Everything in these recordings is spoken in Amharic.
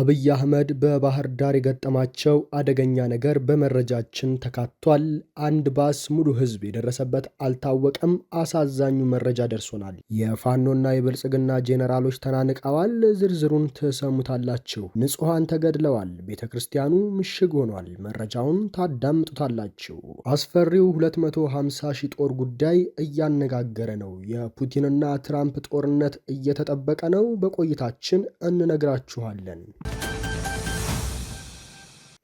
አብይ አህመድ በባህር ዳር የገጠማቸው አደገኛ ነገር በመረጃችን ተካቷል። አንድ ባስ ሙሉ ሕዝብ የደረሰበት አልታወቀም። አሳዛኙ መረጃ ደርሶናል። የፋኖና የብልጽግና ጄኔራሎች ተናንቀዋል። ዝርዝሩን ትሰሙታላችሁ። ንጹሐን ተገድለዋል። ቤተ ክርስቲያኑ ምሽግ ሆኗል። መረጃውን ታዳምጡታላችሁ። አስፈሪው 250 ሺህ ጦር ጉዳይ እያነጋገረ ነው። የፑቲንና ትራምፕ ጦርነት እየተጠበቀ ነው። በቆይታችን እንነግራችኋለን።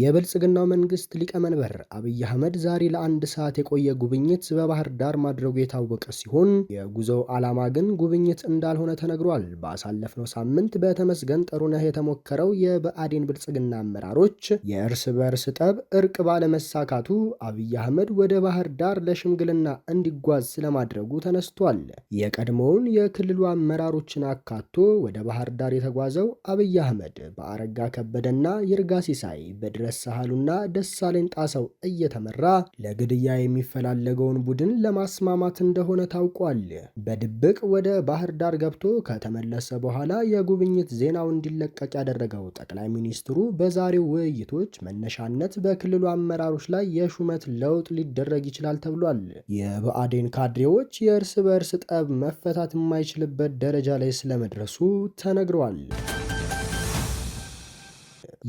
የብልጽግናው መንግስት ሊቀመንበር አብይ አህመድ ዛሬ ለአንድ ሰዓት የቆየ ጉብኝት በባህር ዳር ማድረጉ የታወቀ ሲሆን የጉዞው ዓላማ ግን ጉብኝት እንዳልሆነ ተነግሯል። ባሳለፍነው ሳምንት በተመስገን ጥሩነህ የተሞከረው የብአዴን ብልጽግና አመራሮች የእርስ በርስ ጠብ እርቅ ባለመሳካቱ አብይ አህመድ ወደ ባህር ዳር ለሽምግልና እንዲጓዝ ስለማድረጉ ተነስቷል። የቀድሞውን የክልሉ አመራሮችን አካቶ ወደ ባህር ዳር የተጓዘው አብይ አህመድ በአረጋ ከበደና ይርጋ ሲሳይ በድረ ረሳሃሉና ደሳለኝ ጣሰው እየተመራ ለግድያ የሚፈላለገውን ቡድን ለማስማማት እንደሆነ ታውቋል። በድብቅ ወደ ባህር ዳር ገብቶ ከተመለሰ በኋላ የጉብኝት ዜናው እንዲለቀቅ ያደረገው ጠቅላይ ሚኒስትሩ በዛሬው ውይይቶች መነሻነት በክልሉ አመራሮች ላይ የሹመት ለውጥ ሊደረግ ይችላል ተብሏል። የብአዴን ካድሬዎች የእርስ በእርስ ጠብ መፈታት የማይችልበት ደረጃ ላይ ስለመድረሱ ተነግረዋል።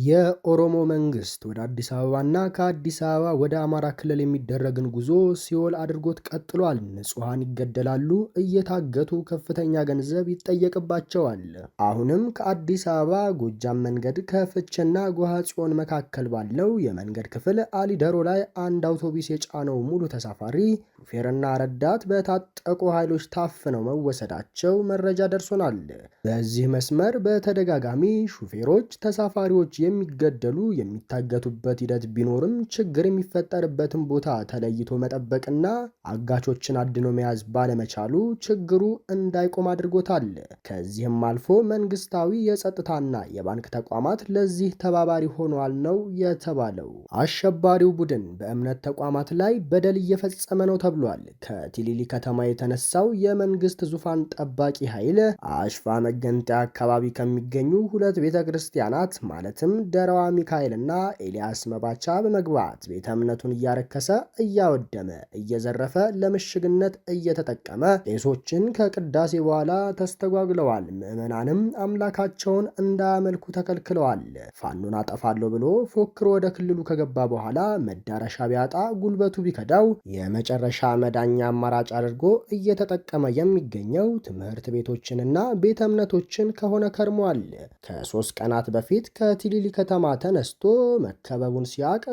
የኦሮሞ መንግስት ወደ አዲስ አበባና ከአዲስ አበባ ወደ አማራ ክልል የሚደረግን ጉዞ ሲኦል አድርጎት ቀጥሏል። ንጹሐን ይገደላሉ፣ እየታገቱ ከፍተኛ ገንዘብ ይጠየቅባቸዋል። አሁንም ከአዲስ አበባ ጎጃም መንገድ ከፍቼና ጎሃ ጽዮን መካከል ባለው የመንገድ ክፍል አሊደሮ ላይ አንድ አውቶቡስ የጫነው ሙሉ ተሳፋሪ ሹፌርና ረዳት በታጠቁ ኃይሎች ታፍነው መወሰዳቸው መረጃ ደርሶናል። በዚህ መስመር በተደጋጋሚ ሹፌሮች ተሳፋሪዎች የሚገደሉ የሚታገቱበት ሂደት ቢኖርም ችግር የሚፈጠርበትን ቦታ ተለይቶ መጠበቅና አጋቾችን አድኖ መያዝ ባለመቻሉ ችግሩ እንዳይቆም አድርጎታል። ከዚህም አልፎ መንግስታዊ የጸጥታና የባንክ ተቋማት ለዚህ ተባባሪ ሆኗል ነው የተባለው። አሸባሪው ቡድን በእምነት ተቋማት ላይ በደል እየፈጸመ ነው ተብሏል። ከቲሊሊ ከተማ የተነሳው የመንግስት ዙፋን ጠባቂ ኃይል አሽፋ መገንጠያ አካባቢ ከሚገኙ ሁለት ቤተ ክርስቲያናት ማለትም ማለትም ደረዋ ሚካኤልና ኤልያስ መባቻ በመግባት ቤተ እምነቱን እያረከሰ እያወደመ እየዘረፈ ለምሽግነት እየተጠቀመ ቄሶችን ከቅዳሴ በኋላ ተስተጓጉለዋል። ምዕመናንም አምላካቸውን እንዳያመልኩ ተከልክለዋል። ፋኖን አጠፋለሁ ብሎ ፎክሮ ወደ ክልሉ ከገባ በኋላ መዳረሻ ቢያጣ ጉልበቱ ቢከዳው የመጨረሻ መዳኛ አማራጭ አድርጎ እየተጠቀመ የሚገኘው ትምህርት ቤቶችንና ቤተ እምነቶችን ከሆነ ከርሟል። ከሶስት ቀናት በፊት ከቲሊ ከሊሊ ከተማ ተነስቶ መከበቡን ሲያቅ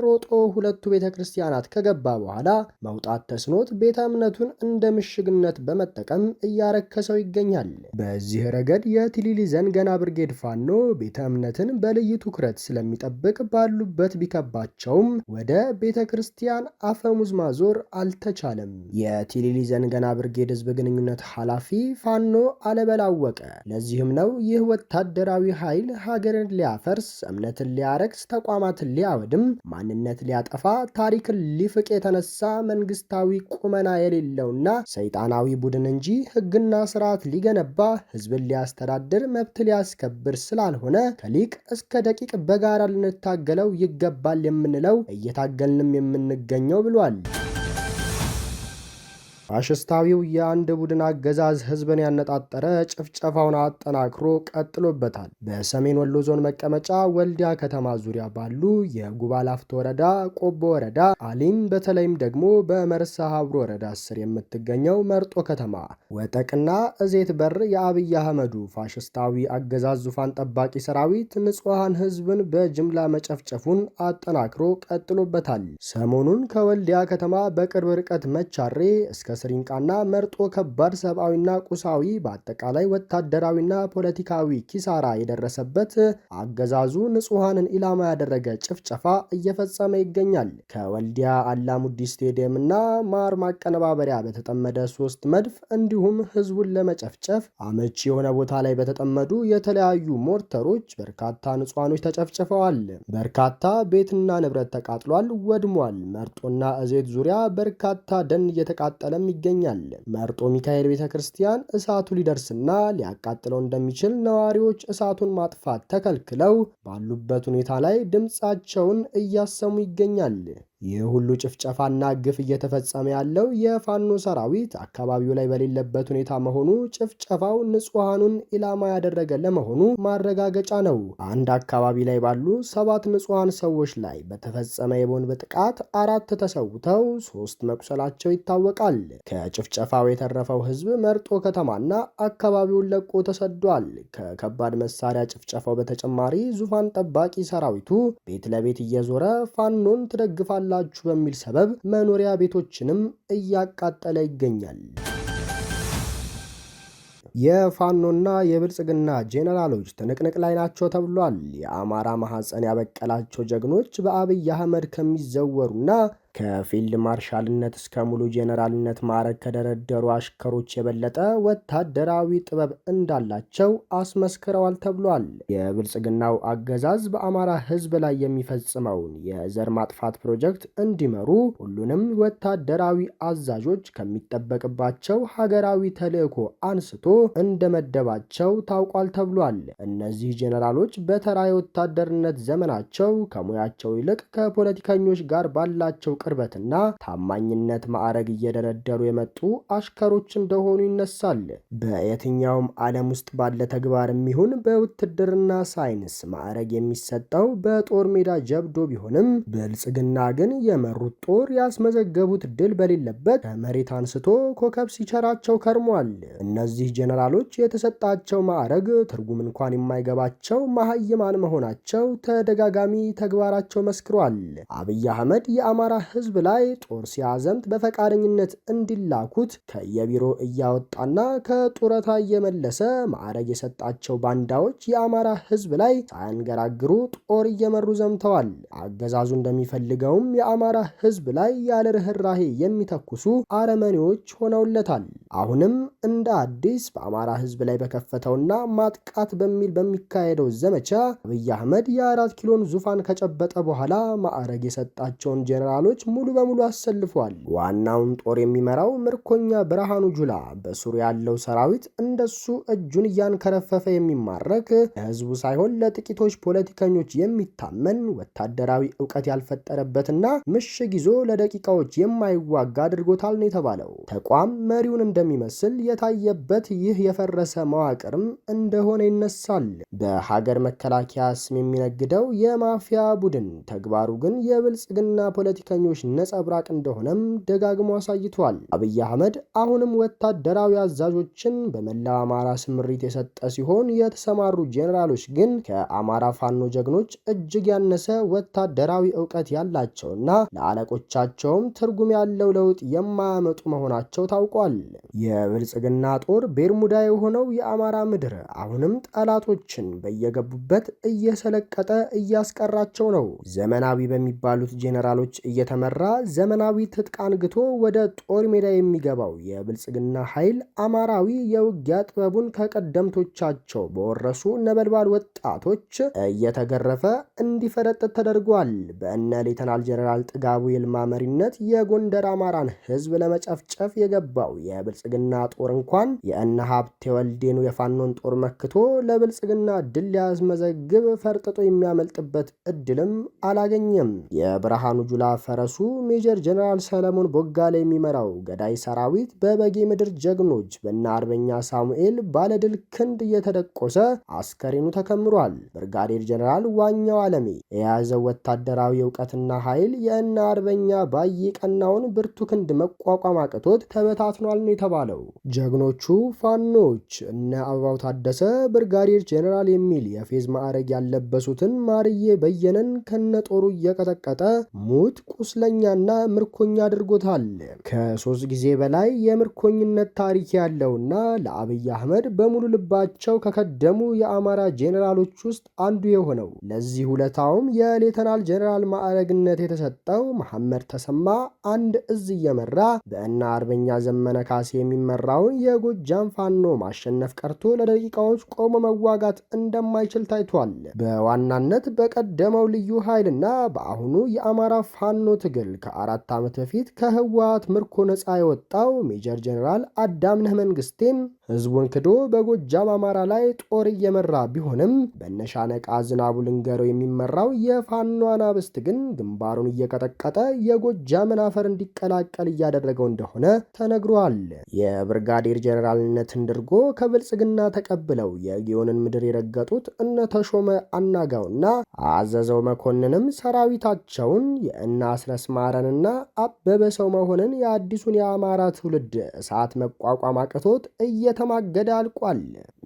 ሁለቱ ቤተ ክርስቲያናት ከገባ በኋላ መውጣት ተስኖት ቤተ እምነቱን እንደ ምሽግነት በመጠቀም እያረከሰው ይገኛል። በዚህ ረገድ የትሊሊ ዘንገና ብርጌድ ፋኖ ቤተ እምነትን በልዩ ትኩረት ስለሚጠብቅ ባሉበት ቢከባቸውም ወደ ቤተ ክርስቲያን አፈሙዝ ማዞር አልተቻለም። የቲሊሊ ዘንገና ብርጌድ ህዝብ ግንኙነት ኃላፊ ፋኖ አለበላወቀ ለዚህም ነው ይህ ወታደራዊ ኃይል ሀገርን ሊያፈርስ እምነትን ሊያረክስ፣ ተቋማትን ሊያወድም፣ ማንነት ሊያጠፋ፣ ታሪክን ሊፍቅ የተነሳ መንግስታዊ ቁመና የሌለውና ሰይጣናዊ ቡድን እንጂ ህግና ስርዓት ሊገነባ፣ ህዝብን ሊያስተዳድር፣ መብት ሊያስከብር ስላልሆነ ከሊቅ እስከ ደቂቅ በጋራ ልንታገለው ይገባል የምንለው እየታገልንም የምንገኘው ብሏል። ፋሽስታዊው የአንድ ቡድን አገዛዝ ህዝብን ያነጣጠረ ጭፍጨፋውን አጠናክሮ ቀጥሎበታል። በሰሜን ወሎ ዞን መቀመጫ ወልዲያ ከተማ ዙሪያ ባሉ የጉባላፍቶ ወረዳ፣ ቆቦ ወረዳ፣ አሊም በተለይም ደግሞ በመርሳ ሀብሮ ወረዳ ስር የምትገኘው መርጦ ከተማ፣ ወጠቅና እዜት በር የአብይ አህመዱ ፋሽስታዊ አገዛዝ ዙፋን ጠባቂ ሰራዊት ንጹሐን ህዝብን በጅምላ መጨፍጨፉን አጠናክሮ ቀጥሎበታል። ሰሞኑን ከወልዲያ ከተማ በቅርብ ርቀት መቻሬ እስከ ስሪንቃና መርጦ ከባድ ሰብአዊና ቁሳዊ በአጠቃላይ ወታደራዊና ፖለቲካዊ ኪሳራ የደረሰበት አገዛዙ ንጹሐንን ኢላማ ያደረገ ጭፍጨፋ እየፈጸመ ይገኛል። ከወልዲያ አላሙዲ ስቴዲየም እና ማር ማቀነባበሪያ በተጠመደ ሶስት መድፍ እንዲሁም ህዝቡን ለመጨፍጨፍ አመቺ የሆነ ቦታ ላይ በተጠመዱ የተለያዩ ሞርተሮች በርካታ ንጹሐኖች ተጨፍጭፈዋል። በርካታ ቤትና ንብረት ተቃጥሏል፣ ወድሟል። መርጦና እዜት ዙሪያ በርካታ ደን እየተቃጠለም ይገኛል። መርጦ ሚካኤል ቤተ ክርስቲያን እሳቱ ሊደርስና ሊያቃጥለው እንደሚችል ነዋሪዎች እሳቱን ማጥፋት ተከልክለው ባሉበት ሁኔታ ላይ ድምፃቸውን እያሰሙ ይገኛል። ይህ ሁሉ ጭፍጨፋና ግፍ እየተፈጸመ ያለው የፋኖ ሰራዊት አካባቢው ላይ በሌለበት ሁኔታ መሆኑ ጭፍጨፋው ንጹሐኑን ኢላማ ያደረገ ለመሆኑ ማረጋገጫ ነው። አንድ አካባቢ ላይ ባሉ ሰባት ንጹሐን ሰዎች ላይ በተፈጸመ የቦንብ ጥቃት አራት ተሰውተው ሶስት መቁሰላቸው ይታወቃል። ከጭፍጨፋው የተረፈው ህዝብ መርጦ ከተማና አካባቢውን ለቆ ተሰዷል። ከከባድ መሳሪያ ጭፍጨፋው በተጨማሪ ዙፋን ጠባቂ ሰራዊቱ ቤት ለቤት እየዞረ ፋኖን ትደግፋል ትችላላችሁ በሚል ሰበብ መኖሪያ ቤቶችንም እያቃጠለ ይገኛል። የፋኖና የብልጽግና ጄኔራሎች ትንቅንቅ ላይ ናቸው ተብሏል። የአማራ ማሐፀን ያበቀላቸው ጀግኖች በአብይ አህመድ ከሚዘወሩና ከፊልድ ማርሻልነት እስከ ሙሉ ጄኔራልነት ማዕረግ ከደረደሩ አሽከሮች የበለጠ ወታደራዊ ጥበብ እንዳላቸው አስመስክረዋል ተብሏል። የብልጽግናው አገዛዝ በአማራ ሕዝብ ላይ የሚፈጽመውን የዘር ማጥፋት ፕሮጀክት እንዲመሩ ሁሉንም ወታደራዊ አዛዦች ከሚጠበቅባቸው ሀገራዊ ተልዕኮ አንስቶ እንደመደባቸው ታውቋል ተብሏል። እነዚህ ጄኔራሎች በተራ የወታደርነት ዘመናቸው ከሙያቸው ይልቅ ከፖለቲከኞች ጋር ባላቸው ቅርበትና ታማኝነት ማዕረግ እየደረደሩ የመጡ አሽከሮች እንደሆኑ ይነሳል። በየትኛውም ዓለም ውስጥ ባለ ተግባርም ይሁን በውትድርና ሳይንስ ማዕረግ የሚሰጠው በጦር ሜዳ ጀብዶ ቢሆንም ብልጽግና ግን የመሩት ጦር ያስመዘገቡት ድል በሌለበት ከመሬት አንስቶ ኮከብ ሲቸራቸው ከርሟል። እነዚህ ጄኔራሎች የተሰጣቸው ማዕረግ ትርጉም እንኳን የማይገባቸው መሃይማን መሆናቸው ተደጋጋሚ ተግባራቸው መስክሯል። አብይ አህመድ የአማራ ሕዝብ ላይ ጦር ሲያዘምት በፈቃደኝነት እንዲላኩት ከየቢሮ እያወጣና ከጡረታ እየመለሰ ማዕረግ የሰጣቸው ባንዳዎች የአማራ ሕዝብ ላይ ሳያንገራግሩ ጦር እየመሩ ዘምተዋል። አገዛዙ እንደሚፈልገውም የአማራ ሕዝብ ላይ ያለ ርኅራሄ የሚተኩሱ አረመኔዎች ሆነውለታል። አሁንም እንደ አዲስ በአማራ ሕዝብ ላይ በከፈተውና ማጥቃት በሚል በሚካሄደው ዘመቻ አብይ አህመድ የአራት ኪሎን ዙፋን ከጨበጠ በኋላ ማዕረግ የሰጣቸውን ጄኔራሎች ሙሉ በሙሉ አሰልፏል። ዋናውን ጦር የሚመራው ምርኮኛ ብርሃኑ ጁላ በሱር ያለው ሰራዊት እንደሱ እጁን እያንከረፈፈ የሚማረክ ለህዝቡ ሳይሆን ለጥቂቶች ፖለቲከኞች የሚታመን ወታደራዊ እውቀት ያልፈጠረበትና ምሽግ ይዞ ለደቂቃዎች የማይዋጋ አድርጎታል ነው የተባለው። ተቋም መሪውን እንደሚመስል የታየበት ይህ የፈረሰ መዋቅርም እንደሆነ ይነሳል። በሀገር መከላከያ ስም የሚነግደው የማፊያ ቡድን ተግባሩ ግን የብልጽግና ፖለቲከኞ አመፀኞች ነጸብራቅ እንደሆነም ደጋግሞ አሳይቷል። አብይ አህመድ አሁንም ወታደራዊ አዛዦችን በመላው አማራ ስምሪት የሰጠ ሲሆን የተሰማሩ ጄኔራሎች ግን ከአማራ ፋኖ ጀግኖች እጅግ ያነሰ ወታደራዊ እውቀት ያላቸውና ለአለቆቻቸውም ትርጉም ያለው ለውጥ የማያመጡ መሆናቸው ታውቋል። የብልጽግና ጦር ቤርሙዳ የሆነው የአማራ ምድር አሁንም ጠላቶችን በየገቡበት እየሰለቀጠ እያስቀራቸው ነው። ዘመናዊ በሚባሉት ጄኔራሎች እየተ እየተመራ ዘመናዊ ትጥቅ አንግቶ ወደ ጦር ሜዳ የሚገባው የብልጽግና ኃይል አማራዊ የውጊያ ጥበቡን ከቀደምቶቻቸው በወረሱ ነበልባል ወጣቶች እየተገረፈ እንዲፈረጥጥ ተደርጓል። በእነ ሌተናል ጀነራል ጥጋቡ ይልማ መሪነት የጎንደር አማራን ህዝብ ለመጨፍጨፍ የገባው የብልጽግና ጦር እንኳን የእነ ሀብቴ ወልዴኑ የፋኖን ጦር መክቶ ለብልጽግና ድል ሊያስመዘግብ ፈርጥጦ የሚያመልጥበት እድልም አላገኘም። የብርሃኑ ጁላ ፈረ ርዕሱ ሜጀር ጀነራል ሰለሞን ቦጋለ የሚመራው ገዳይ ሰራዊት በበጌ ምድር ጀግኖች በእነ አርበኛ ሳሙኤል ባለድል ክንድ እየተደቆሰ አስከሬኑ ተከምሯል። ብርጋዴር ጀነራል ዋኛው አለሜ የያዘው ወታደራዊ እውቀትና ኃይል የእነ አርበኛ ባዬ ቀናውን ብርቱ ክንድ መቋቋም አቅቶት ተበታትኗል ነው የተባለው። ጀግኖቹ ፋኖች እነ አበባው ታደሰ ብርጋዴር ጀነራል የሚል የፌዝ ማዕረግ ያለበሱትን ማርዬ በየነን ከነጦሩ እየቀጠቀጠ ሙት ቁስ ቁስለኛና ምርኮኛ አድርጎታል። ከሶስት ጊዜ በላይ የምርኮኝነት ታሪክ ያለውና ለአብይ አህመድ በሙሉ ልባቸው ከከደሙ የአማራ ጄኔራሎች ውስጥ አንዱ የሆነው ለዚህ ውለታውም የሌተናል ጄኔራል ማዕረግነት የተሰጠው መሐመድ ተሰማ አንድ እዝ እየመራ በእና አርበኛ ዘመነ ካሴ የሚመራውን የጎጃም ፋኖ ማሸነፍ ቀርቶ ለደቂቃዎች ቆሞ መዋጋት እንደማይችል ታይቷል። በዋናነት በቀደመው ልዩ ኃይልና በአሁኑ የአማራ ፋኖ ትግል ከአራት ዓመት በፊት ከህወሓት ምርኮ ነፃ የወጣው ሜጀር ጀነራል አዳምነህ መንግስቴን ህዝቡን ክዶ በጎጃም አማራ ላይ ጦር እየመራ ቢሆንም በነሻነቃ ዝናቡ ልንገረው የሚመራው የፋኖ አናብስት ግን ግንባሩን እየቀጠቀጠ የጎጃምን አፈር እንዲቀላቀል እያደረገው እንደሆነ ተነግሯል። የብርጋዴር ጀኔራልነትን ድርጎ ከብልጽግና ተቀብለው የጊዮንን ምድር የረገጡት እነ ተሾመ አናጋውና አዘዘው መኮንንም ሰራዊታቸውን የእነ አስረስ ማረንና አበበ ሰው መሆንን የአዲሱን የአማራ ትውልድ እሳት መቋቋም አቅቶት እየ እየተማገደ አልቋል።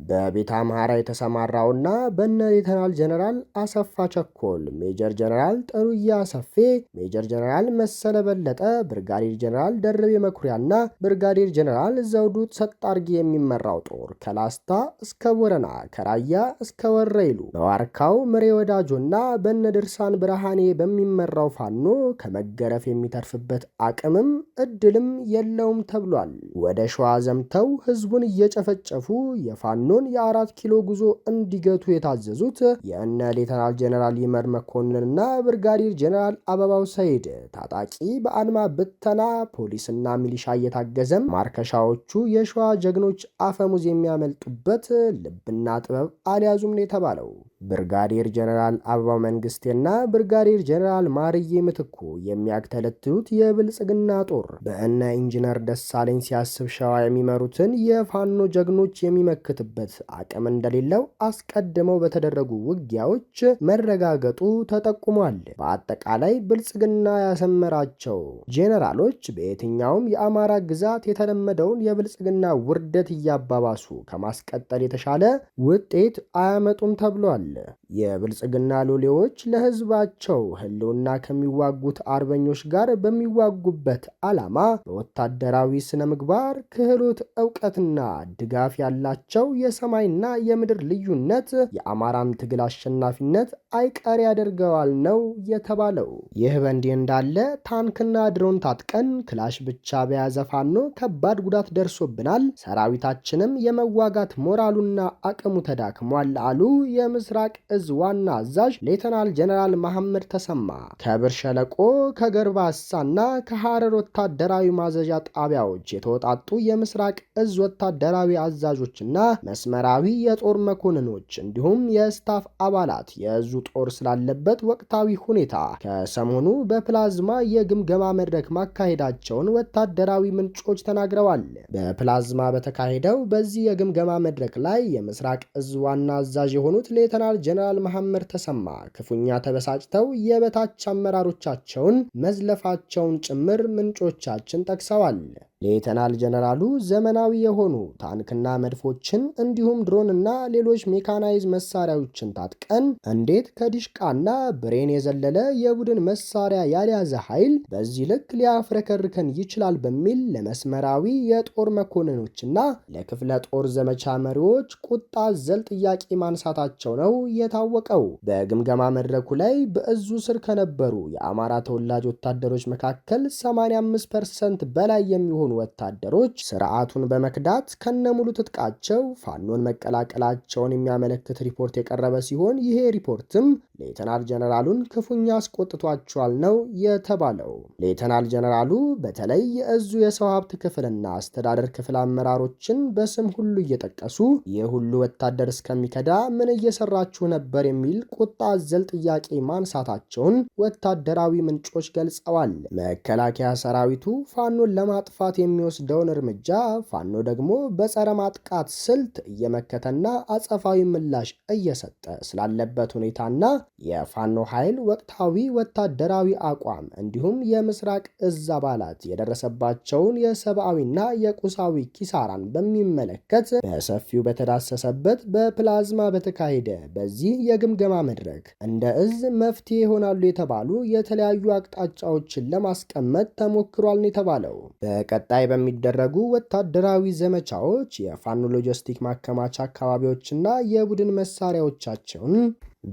በቤተ አምሐራ የተሰማራውና በነ ሌተናል ጀነራል አሰፋ ቸኮል፣ ሜጀር ጀነራል ጠሩያ አሰፌ፣ ሜጀር ጀነራል መሰለ በለጠ፣ ብርጋዴር ጀነራል ደርቤ መኩሪያና ብርጋዴር ጀነራል ዘውዱ ሰጣርጌ የሚመራው ጦር ከላስታ እስከ ቦረና ከራያ እስከ ወረይሉ በዋርካው መሬ ወዳጆና በነ ድርሳን ብርሃኔ በሚመራው ፋኖ ከመገረፍ የሚተርፍበት አቅምም እድልም የለውም ተብሏል። ወደ ሸዋ ዘምተው ህዝቡን እየጨፈጨፉ የፋኖን የአራት ኪሎ ጉዞ እንዲገቱ የታዘዙት የእነ ሌተናል ጀነራል ይመር መኮንንና ብርጋዴር ጀነራል አበባው ሰይድ ታጣቂ በአድማ ብተና ፖሊስና ሚሊሻ እየታገዘም ማርከሻዎቹ የሸዋ ጀግኖች አፈሙዝ የሚያመልጡበት ልብና ጥበብ አልያዙም ነው የተባለው። ብርጋዴር ጀነራል አበባ መንግስቴና ብርጋዴር ጀነራል ማርዬ ምትኩ የሚያግተለትሉት የብልጽግና ጦር በእነ ኢንጂነር ደሳለኝ ሲያስብ ሸዋ የሚመሩትን የፋኖ ጀግኖች የሚመክትበት አቅም እንደሌለው አስቀድመው በተደረጉ ውጊያዎች መረጋገጡ ተጠቁሟል። በአጠቃላይ ብልጽግና ያሰመራቸው ጄኔራሎች በየትኛውም የአማራ ግዛት የተለመደውን የብልጽግና ውርደት እያባባሱ ከማስቀጠል የተሻለ ውጤት አያመጡም ተብሏል። ተናግረዋል። የብልጽግና ሎሌዎች ለህዝባቸው ህልውና ከሚዋጉት አርበኞች ጋር በሚዋጉበት ዓላማ በወታደራዊ ስነ ምግባር፣ ክህሎት፣ እውቀትና ድጋፍ ያላቸው የሰማይና የምድር ልዩነት የአማራን ትግል አሸናፊነት አይቀር ያደርገዋል ነው የተባለው። ይህ በእንዲህ እንዳለ ታንክና ድሮን ታጥቀን ክላሽ ብቻ በያዘ ፋኖ ከባድ ጉዳት ደርሶብናል፣ ሰራዊታችንም የመዋጋት ሞራሉና አቅሙ ተዳክሟል አሉ የምስራ ምስራቅ እዝ ዋና አዛዥ ሌተናል ጀነራል መሐመድ ተሰማ ከብር ሸለቆ ከገርባሳና ከሐረር ወታደራዊ ማዘዣ ጣቢያዎች የተወጣጡ የምስራቅ እዝ ወታደራዊ አዛዦችና መስመራዊ የጦር መኮንኖች እንዲሁም የስታፍ አባላት የእዙ ጦር ስላለበት ወቅታዊ ሁኔታ ከሰሞኑ በፕላዝማ የግምገማ መድረክ ማካሄዳቸውን ወታደራዊ ምንጮች ተናግረዋል። በፕላዝማ በተካሄደው በዚህ የግምገማ መድረክ ላይ የምስራቅ እዝ ዋና አዛዥ የሆኑት ሌተናል ሌተናል ጀነራል መሐመድ ተሰማ ክፉኛ ተበሳጭተው የበታች አመራሮቻቸውን መዝለፋቸውን ጭምር ምንጮቻችን ጠቅሰዋል። ሌተናል ጀነራሉ ዘመናዊ የሆኑ ታንክና መድፎችን እንዲሁም ድሮንና ሌሎች ሜካናይዝ መሳሪያዎችን ታጥቀን እንዴት ከዲሽቃና ብሬን የዘለለ የቡድን መሳሪያ ያልያዘ ኃይል በዚህ ልክ ሊያፍረከርከን ይችላል በሚል ለመስመራዊ የጦር መኮንኖችና ለክፍለ ጦር ዘመቻ መሪዎች ቁጣ ዘል ጥያቄ ማንሳታቸው ነው የታወቀው። በግምገማ መድረኩ ላይ በእዙ ስር ከነበሩ የአማራ ተወላጅ ወታደሮች መካከል 85 ፐርሰንት በላይ የሚሆኑ የዞኑ ወታደሮች ስርዓቱን በመክዳት ከነሙሉ ትጥቃቸው ፋኖን መቀላቀላቸውን የሚያመለክት ሪፖርት የቀረበ ሲሆን ይሄ ሪፖርትም ሌተናል ጀነራሉን ክፉኛ አስቆጥቷቸዋል ነው የተባለው። ሌተናል ጀነራሉ በተለይ የእዙ የሰው ሀብት ክፍልና አስተዳደር ክፍል አመራሮችን በስም ሁሉ እየጠቀሱ ይህ ሁሉ ወታደር እስከሚከዳ ምን እየሰራችሁ ነበር የሚል ቁጣ አዘል ጥያቄ ማንሳታቸውን ወታደራዊ ምንጮች ገልጸዋል። መከላከያ ሰራዊቱ ፋኖን ለማጥፋት የሚወስደውን እርምጃ ፋኖ ደግሞ በጸረ ማጥቃት ስልት እየመከተና አጸፋዊ ምላሽ እየሰጠ ስላለበት ሁኔታና የፋኖ ኃይል ወቅታዊ ወታደራዊ አቋም እንዲሁም የምስራቅ እዝ አባላት የደረሰባቸውን የሰብአዊና የቁሳዊ ኪሳራን በሚመለከት በሰፊው በተዳሰሰበት በፕላዝማ በተካሄደ በዚህ የግምገማ መድረክ እንደ እዝ መፍትሄ ይሆናሉ የተባሉ የተለያዩ አቅጣጫዎችን ለማስቀመጥ ተሞክሯል ነው የተባለው። በቀጣይ በሚደረጉ ወታደራዊ ዘመቻዎች የፋኖ ሎጂስቲክ ማከማቻ አካባቢዎችና የቡድን መሳሪያዎቻቸውን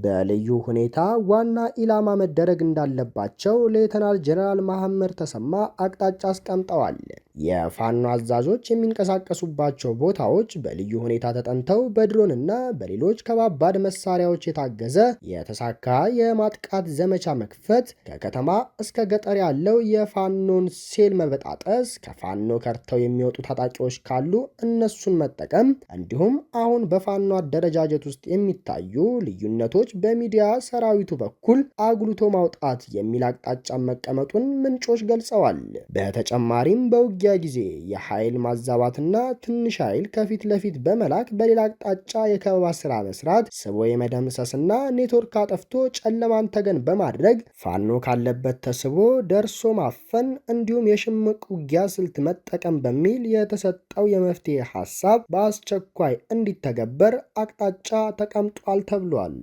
በልዩ ሁኔታ ዋና ኢላማ መደረግ እንዳለባቸው ሌተናል ጀነራል መሐመድ ተሰማ አቅጣጫ አስቀምጠዋል። የፋኖ አዛዦች የሚንቀሳቀሱባቸው ቦታዎች በልዩ ሁኔታ ተጠንተው በድሮንና በሌሎች ከባባድ መሳሪያዎች የታገዘ የተሳካ የማጥቃት ዘመቻ መክፈት፣ ከከተማ እስከ ገጠር ያለው የፋኖን ሴል መበጣጠስ፣ ከፋኖ ከርተው የሚወጡ ታጣቂዎች ካሉ እነሱን መጠቀም፣ እንዲሁም አሁን በፋኖ አደረጃጀት ውስጥ የሚታዩ ልዩነቶች በሚዲያ ሰራዊቱ በኩል አጉልቶ ማውጣት የሚል አቅጣጫ መቀመጡን ምንጮች ገልጸዋል። በተጨማሪም በውጊያ በውጊያ ጊዜ የኃይል ማዛባትና ትንሽ ኃይል ከፊት ለፊት በመላክ በሌላ አቅጣጫ የከበባ ስራ መስራት፣ ስቦ የመደምሰስና ኔትወርክ አጠፍቶ ጨለማን ተገን በማድረግ ፋኖ ካለበት ተስቦ ደርሶ ማፈን እንዲሁም የሽምቅ ውጊያ ስልት መጠቀም በሚል የተሰጠው የመፍትሄ ሀሳብ በአስቸኳይ እንዲተገበር አቅጣጫ ተቀምጧል ተብሏል።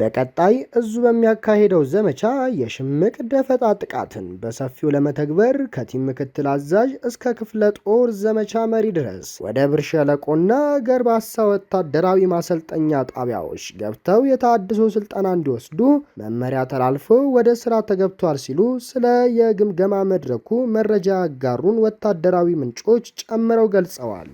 በቀጣይ እዙ በሚያካሄደው ዘመቻ የሽምቅ ደፈጣ ጥቃትን በሰፊው ለመተግበር ከቲም ምክትል አዛዥ እስከ ክፍለ ጦር ዘመቻ መሪ ድረስ ወደ ብር ሸለቆና ገርባሳ ወታደራዊ ማሰልጠኛ ጣቢያዎች ገብተው የታድሶ ስልጠና እንዲወስዱ መመሪያ ተላልፎ ወደ ስራ ተገብቷል ሲሉ ስለ የግምገማ መድረኩ መረጃ ያጋሩን ወታደራዊ ምንጮች ጨምረው ገልጸዋል።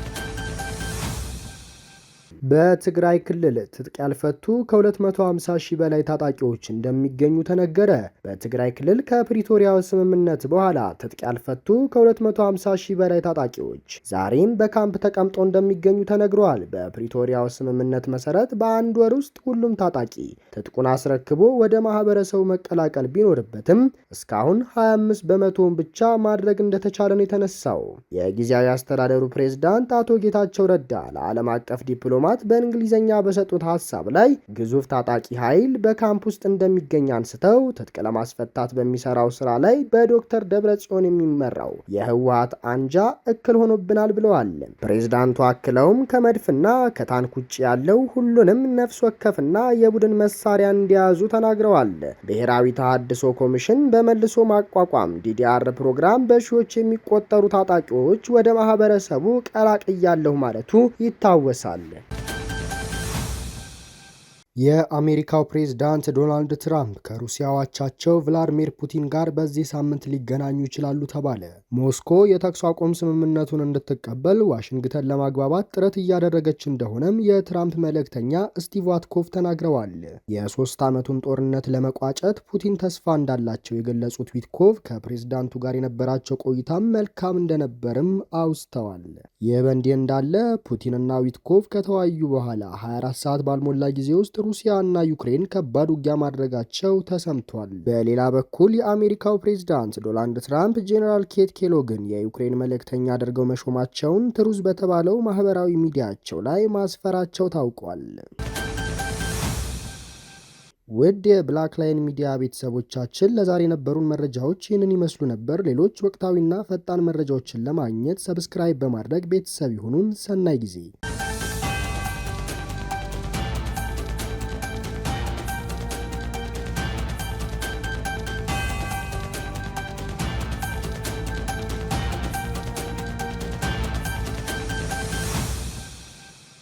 በትግራይ ክልል ትጥቅ ያልፈቱ ከ250 ሺህ በላይ ታጣቂዎች እንደሚገኙ ተነገረ። በትግራይ ክልል ከፕሪቶሪያው ስምምነት በኋላ ትጥቅ ያልፈቱ ከ250 ሺህ በላይ ታጣቂዎች ዛሬም በካምፕ ተቀምጠው እንደሚገኙ ተነግረዋል። በፕሪቶሪያው ስምምነት መሰረት በአንድ ወር ውስጥ ሁሉም ታጣቂ ትጥቁን አስረክቦ ወደ ማህበረሰቡ መቀላቀል ቢኖርበትም እስካሁን 25 በመቶውን ብቻ ማድረግ እንደተቻለ ነው የተነሳው። የጊዜያዊ አስተዳደሩ ፕሬዝዳንት አቶ ጌታቸው ረዳ ለዓለም አቀፍ ዲፕሎማ ተቋማት በእንግሊዝኛ በሰጡት ሀሳብ ላይ ግዙፍ ታጣቂ ኃይል በካምፕ ውስጥ እንደሚገኝ አንስተው ትጥቅ ለማስፈታት በሚሰራው ስራ ላይ በዶክተር ደብረ ጽዮን የሚመራው የህወሀት አንጃ እክል ሆኖብናል ብለዋል። ፕሬዝዳንቱ አክለውም ከመድፍና ከታንክ ውጭ ያለው ሁሉንም ነፍስ ወከፍና የቡድን መሳሪያ እንዲያዙ ተናግረዋል። ብሔራዊ ተሃድሶ ኮሚሽን በመልሶ ማቋቋም ዲዲአር ፕሮግራም በሺዎች የሚቆጠሩ ታጣቂዎች ወደ ማህበረሰቡ ቀላቅያለሁ ማለቱ ይታወሳል። የአሜሪካው ፕሬዝዳንት ዶናልድ ትራምፕ ከሩሲያ አቻቸው ቭላድሚር ፑቲን ጋር በዚህ ሳምንት ሊገናኙ ይችላሉ ተባለ። ሞስኮ የተኩስ አቁም ስምምነቱን እንድትቀበል ዋሽንግተን ለማግባባት ጥረት እያደረገች እንደሆነም የትራምፕ መልእክተኛ ስቲቭ ዋትኮቭ ተናግረዋል። የሶስት ዓመቱን ጦርነት ለመቋጨት ፑቲን ተስፋ እንዳላቸው የገለጹት ዊትኮቭ ከፕሬዝዳንቱ ጋር የነበራቸው ቆይታም መልካም እንደነበርም አውስተዋል። ይህ በእንዲህ እንዳለ ፑቲንና ዊትኮቭ ከተወያዩ በኋላ 24 ሰዓት ባልሞላ ጊዜ ውስጥ ሩሲያና ዩክሬን ከባድ ውጊያ ማድረጋቸው ተሰምቷል። በሌላ በኩል የአሜሪካው ፕሬዝዳንት ዶናልድ ትራምፕ ጄኔራል ኬት ኬሎግን የዩክሬን መልእክተኛ አድርገው መሾማቸውን ትሩዝ በተባለው ማህበራዊ ሚዲያቸው ላይ ማስፈራቸው ታውቋል። ውድ የብላክ ላይን ሚዲያ ቤተሰቦቻችን ለዛሬ የነበሩን መረጃዎች ይህንን ይመስሉ ነበር። ሌሎች ወቅታዊና ፈጣን መረጃዎችን ለማግኘት ሰብስክራይብ በማድረግ ቤተሰብ ይሁኑን። ሰናይ ጊዜ